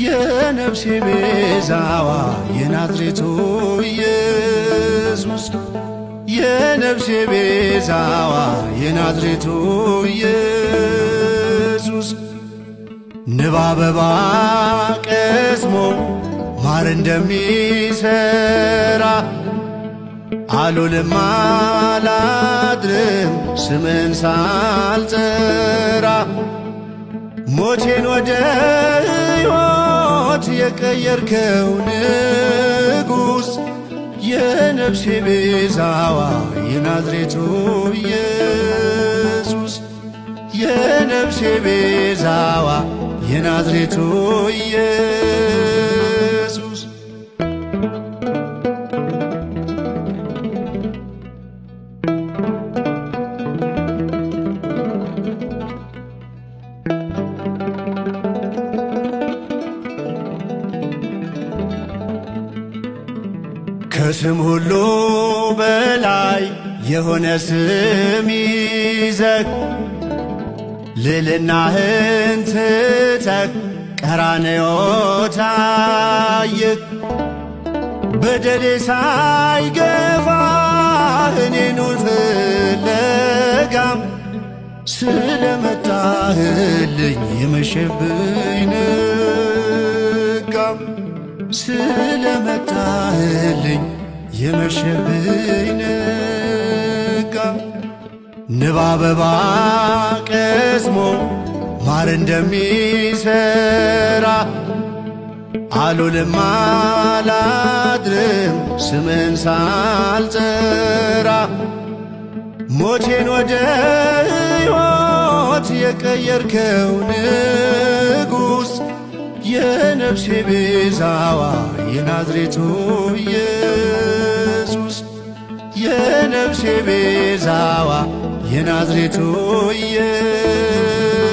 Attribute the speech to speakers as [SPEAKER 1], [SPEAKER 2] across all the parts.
[SPEAKER 1] የነፍሴ ቤዛዋ የናዝሬቱ ኢየሱስ የነፍሴ ቤዛዋ የናዝሬቱ ኢየሱስ ንብ አበባ ቀስሞ ማር እንደሚሠራ አልውልም አላድርም ስምን ሳልጠራ ሞቴን ወደ ጠላት የቀየርከው ንጉሥ የነፍሴ ቤዛዋ የናዝሬቱ ኢየሱስ የነፍሴ ቤዛዋ የናዝሬቱ ኢየሱስ ከስም ሁሉ በላይ የሆነ ስም ይዘህ ልልና ትተህ ቀራንዮ ታይህ በደሌ ሳይገፋህ እኔኑን ፍለጋም ስለመጣህልኝ የመሸብኝ ንጋም ስለመጣህልኝ የመሸብኝ ነጋ ንብ አበባ ቀስሞ ማር እንደሚሰራ አልውልም አላድርም ስምን ሳልጠራ ሞቴን ወደ ሕይወት የቀየርከው ንጉሥ የነፍሴ ቤዛዋ የናዝሬቱ ኢየሱስ የነፍሴ ቤዛዋ የናዝሬቱ ኢየሱስ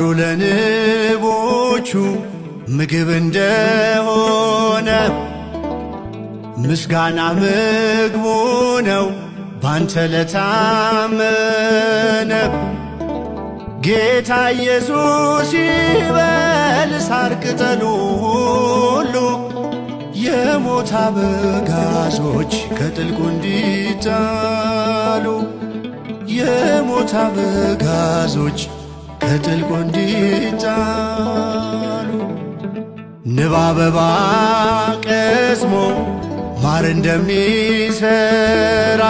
[SPEAKER 1] ሳሩ ለንቦቹ ምግብ እንደሆነ ምስጋና ምግቡ ነው ባንተ ለታመነ ጌታ ኢየሱስ ይበል ሳር ቅጠሉ ሁሉ የሞት አበጋዞች ከጥልቁ እንዲጣሉ የሞት አበጋዞች ከጥልቁ እንዲጫሉ ንብ አበባ ቀስሞ ማር እንደሚሰራ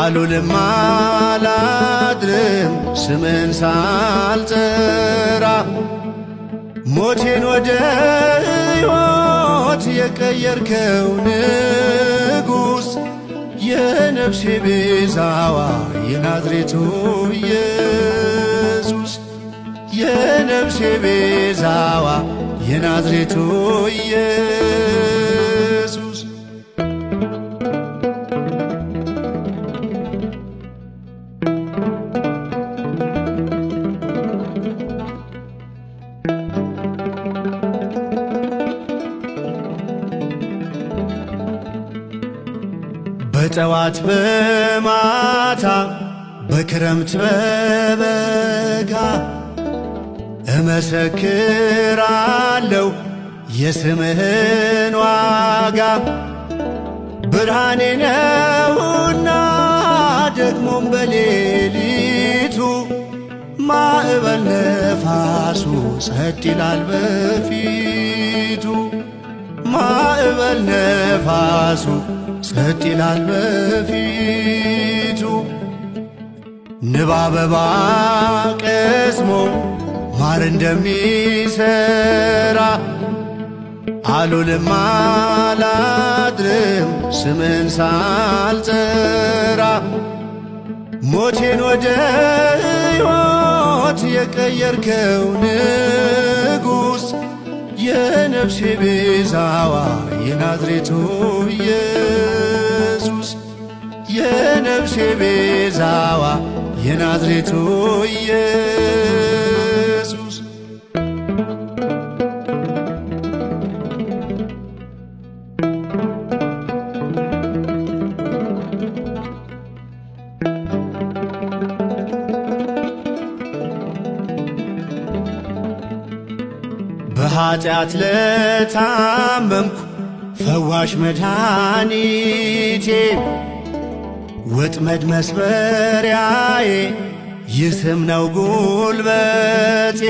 [SPEAKER 1] አልውልም አላድርም ስምን ሳልጠራ ሞቴን ወደ ሕይወት የቀየርከው ንጉሥ የነፍሴ ቤዛዋ የናዝሬቱ የነፍሴ ቤዛዋ የናዝሬቱ ኢየሱስ በጠዋት በማታ በክረምት በበጋ እመሰክራለሁ የስምህን ዋጋ ብርሃኔ ነውና ደግሞም በሌሊቱ ማዕበል ነፋሱ ጸጥ ይላል በፊቱ ማዕበል ነፋሱ ጸጥ ይላል በፊቱ ንብ አበባ ቀስሞ ማር እንደሚሠራ አልውልም አላድርም ስምን ሳልጠራ ሞቴን ወደ ሕይወት የቀየርከው ንጉሥ የነፍሴ ቤዛዋ የናዝሬቱ ኢየሱስ የነፍሴ ቤዛዋ የናዝሬቱ ኢየሱስ በኃጢአት ለታመምኩ ፈዋሽ መድኃኒቴ ወጥመድ መስበሪያዬ ይህ ስም ነው ጉልበቴ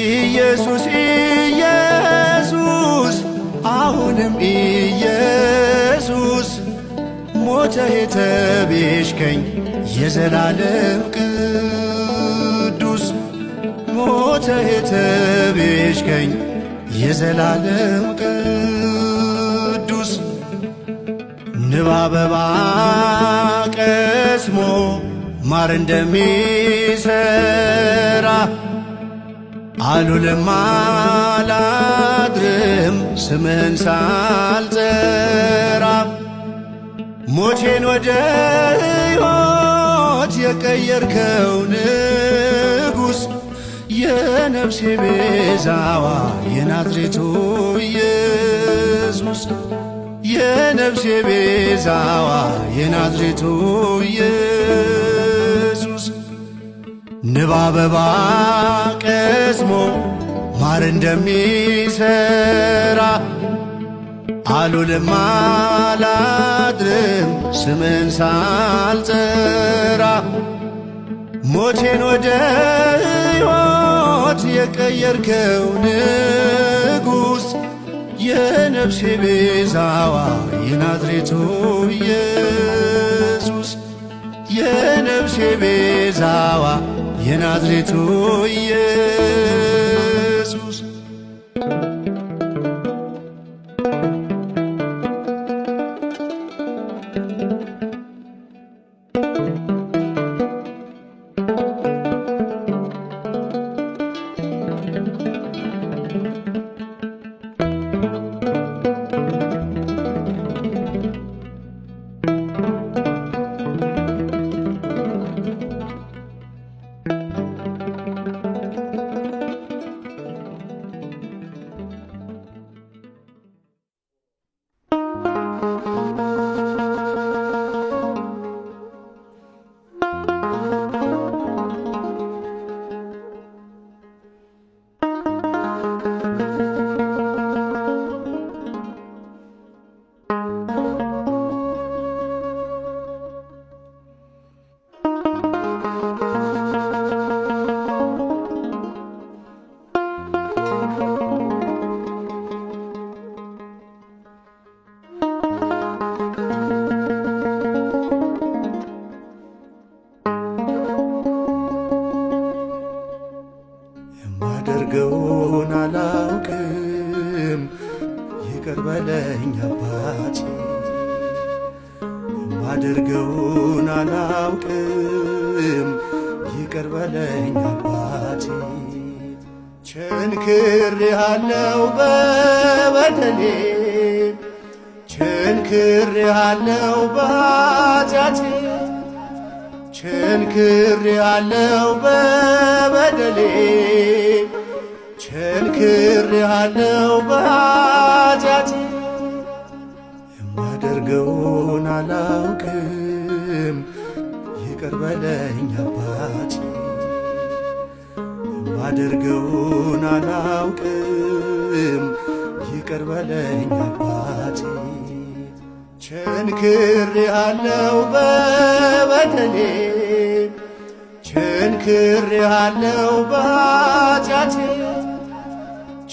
[SPEAKER 1] ኢየሱስ ኢየሱስ አሁንም ኢየሱስ ሞተ የተቤሽከኝ የዘላለም ቅር ሞትህ ትቤዥከኝ የዘላለም ቅዱስ ንብ አበባ ቀስሞ ማር እንደሚሰራ አሉልም አላድርም ስምህን ሳልጠራ ሞቴን ወደ ሕይወት የቀየርከው ንጉሥ የነፍሴ ቤዛዋ የናዝሬቱ ኢየሱስ የነፍሴ ቤዛዋ የናዝሬቱ ኢየሱስ ንብ አበባ ቀስሞ ማር እንደሚሠራ አልውልም አላድርም ስምህን ሳልጠራ ሞቴን ወደ በአንድ የቀየርከው ንጉሥ የነፍሴ ቤዛዋ የናዝሬቱ ኢየሱስ የነፍሴ ቤዛዋ የናዝሬቱ ኢየሱስ በለኝ አባቴ የማደርገውን አላውቅም ይቅር በለኝ አባቴ ቸንክሬአለው በበደሌ ቸንክሬአለው በኃጢአቴ በበደሌ በ ማደርገውን አላውቅም፣ ይቅር በለኝ አባቴ። ቸንክሬአለው በበደሌ ቸንክሬአለው በኃጢአቴ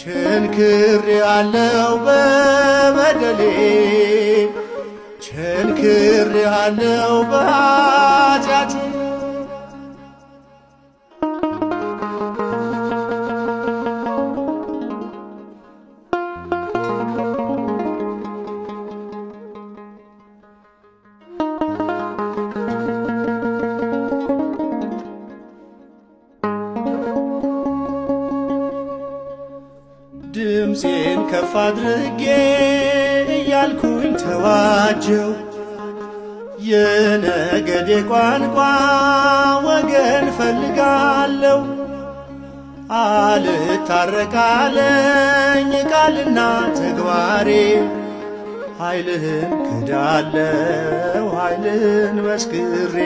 [SPEAKER 1] ቸንክሬአለው በበደሌ ቸንክሬአለው በኃጢአቴ ናቸው የነገዴ ቋንቋ ወገን ፈልጋለሁ አልታረቃለኝ ቃልና ተግባሬ ኃይልህን ክዳለው ኃይልህን መስክሬ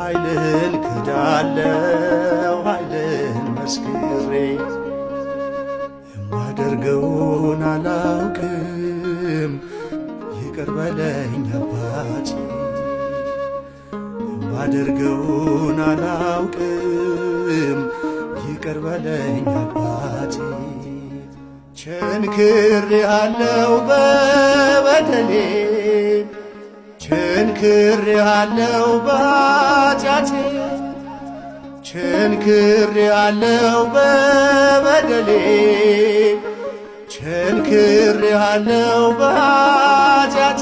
[SPEAKER 1] ኃይልህን ክዳለው ኃይልህን መስክሬ የማደርገውን አላውቅም ይቅር በለኝ አባቴ የማደርገውን አላውቅም ይቅር በለኝ አባቴ ቸንክር ያለው በበደሌ ቸንክር ያለው ባጫቴ ቸንክር ያለው በበደሌ እንክር ያለው ባጃጅ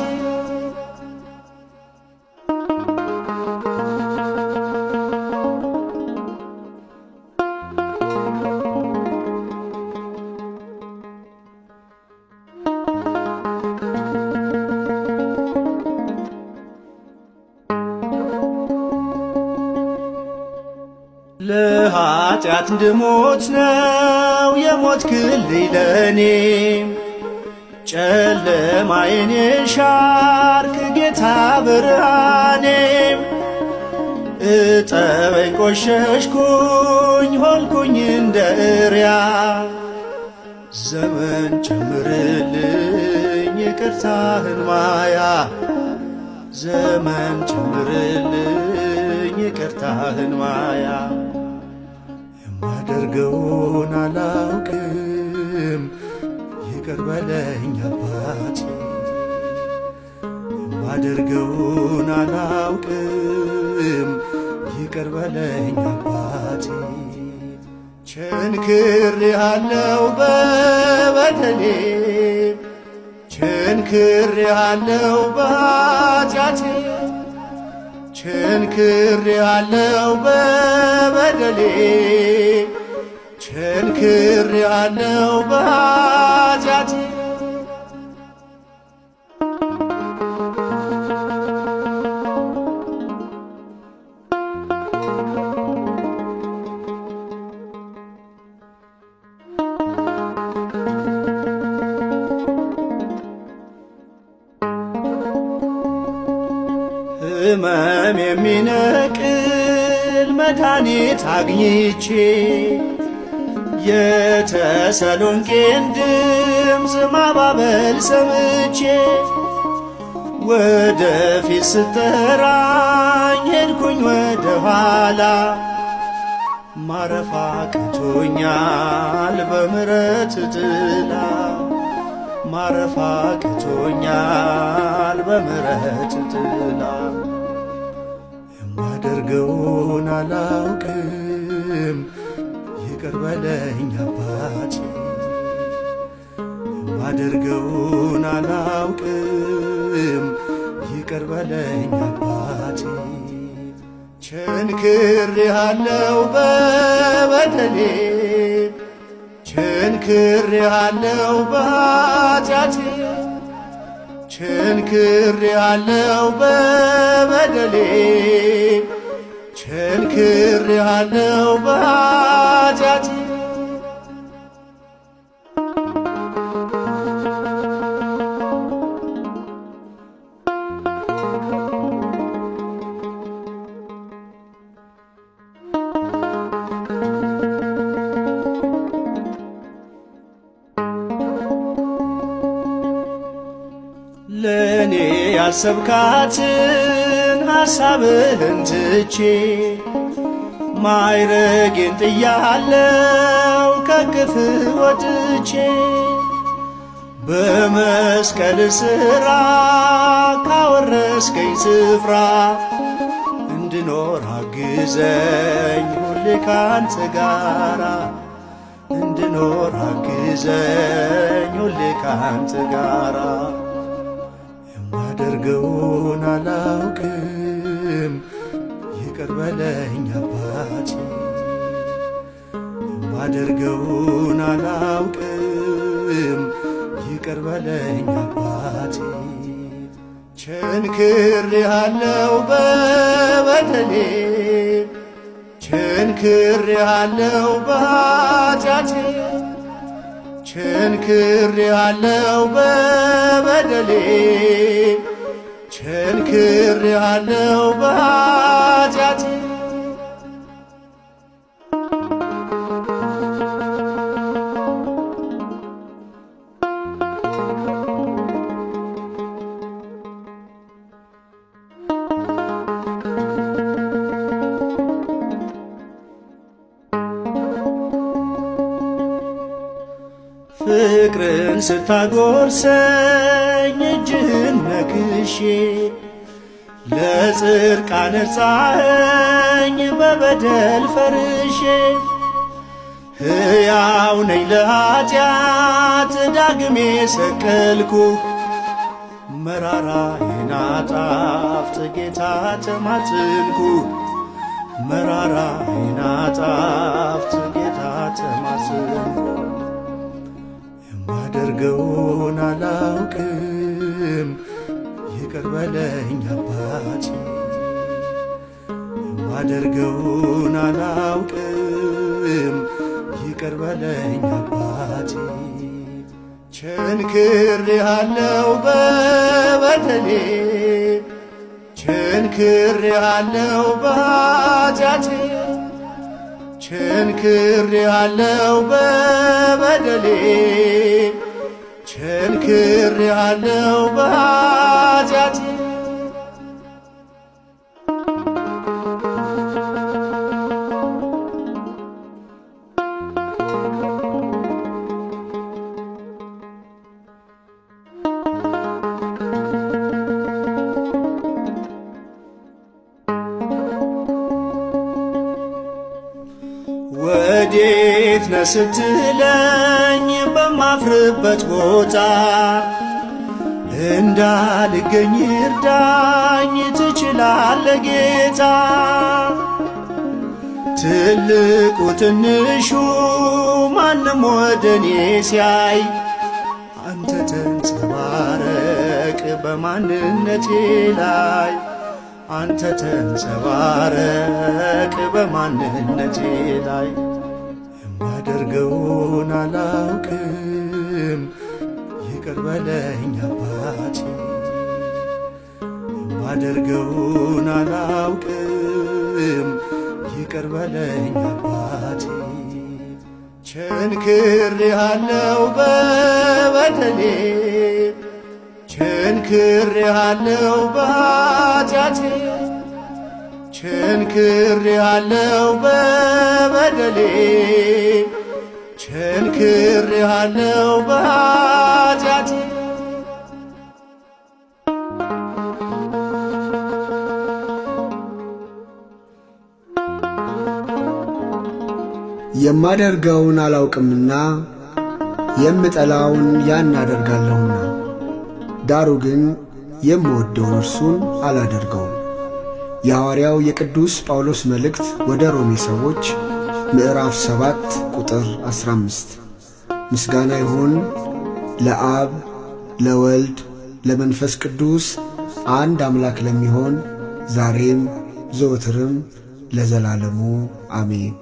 [SPEAKER 1] ለኃጢአት እንድሞት ነው የሞት የሞትክልኝ ለእኔ ጨለማዬን ሻርክ ጌታ ብርሃኔ እጠበኝ ቆሸሽኩኝ ሆንኩኝ እንደ እሪያ ዘመን ጨምርልኝ ይቅርታህን ማያ ዘመን ጨምርልኝ ይቅርታህን ማያ የማደርገው እንደሆን አላውቅም። ይቅር በለኝ አባቴ፣ የማደርገውን አላውቅም። ይቅር በለኝ አባቴ፣ ቸንክሬአለው በበደሌ ቸንክሬአለው በኃጢአቴ ቸንክሬአለው በበደሌ ከንክሬአለው በኃጢአቴ ህመም የሚነቅል መድኃኒት አግኝቼ የተሰሎንቄን ድምፅ ማባበል ሰምቼ ወደ ፊት ስጠራኝ ሄድኩኝ ወደ ኋላ ማረፋ ቅቶኛል በምረት ጥላ ማረፋ ቅቶኛል በምረት ጥላ የማደርገውን አላውቅም ይቅር በለኝ አባት የማደርገውን አላውቅም ይቅር በለኝ አባት ቸንክሬአለው በበደሌ በኃጢአቴ በበደሌ አጫጭ ለእኔ ያሰብካትን ሐሳብህን ትቼ ማይረጌን ጥያለው ከክፍ ወጥቼ በመስቀል ስራ ካወረስከኝ ስፍራ እንድኖር አግዘኝ ሁሌ ካንተ ጋራ እንድኖር አግዘኝ ሁሌ ካንተ ጋራ የማደርገውን አላውቅ ማደርገውን አላውቅም፣ ይቅር በለኝ አባቴ። ያለው በበደሌ ያለው ቸንክሬአለው በኃጢአቴ ያለው በበደሌ ያለው በኃጢአቴ ስታጎርሰኝ እጅህን ነክሼ ለጽድቅ አነጻኸኝ በበደል ፈርሼ ሕያው ነኝ ለኀጢአት ዳግሜ ሰቀልኩ! መራራ ይናጣፍጥ ጌታ ተማጽንኩ መራራ ይናጣፍጥ ጌታ ተማጽንኩ ማደርገውን አላውቅም። ይቅር በለኝ አባቴ፣ የማደርገውን አላውቅም። ይቅር በለኝ አባቴ። ቸንክሬአለው በበደሌ ያለው ባጃቴ ቸንክር ያለው በበደሌ ቸንክር ያለው በኃጢአቴ ነስትለኝ በማፍርበት ቦታ እንዳልገኝ እርዳኝ፣ ትችላለ ጌታ። ትልቁ ትንሹ ማንም ወደኔ ሲያይ አንተ ተንጸባረቅ በማንነቴ ላይ አንተ ተንጸባረቅ በማንነቴ ላይ ያደርገውን አላውቅም። ይቅር በለኝ አባቴ፣ የማደርገውን አላውቅም። ይቅር በለኝ አባቴ፣ ያለው በበደሌ ቸንክር ያለው ባጃቴ ቸንክሬ ያለው በበደሌ ቸንክሬ ያለው በኃጢአቴ
[SPEAKER 2] የማደርገውን አላውቅምና የምጠላውን ያን አደርጋለሁና ዳሩ ግን የምወደውን እርሱን አላደርገውም። የሐዋርያው የቅዱስ ጳውሎስ መልእክት ወደ ሮሜ ሰዎች ምዕራፍ 7 ቁጥር 15። ምስጋና ይሁን ለአብ ለወልድ ለመንፈስ ቅዱስ አንድ አምላክ ለሚሆን ዛሬም ዘወትርም ለዘላለሙ አሜን።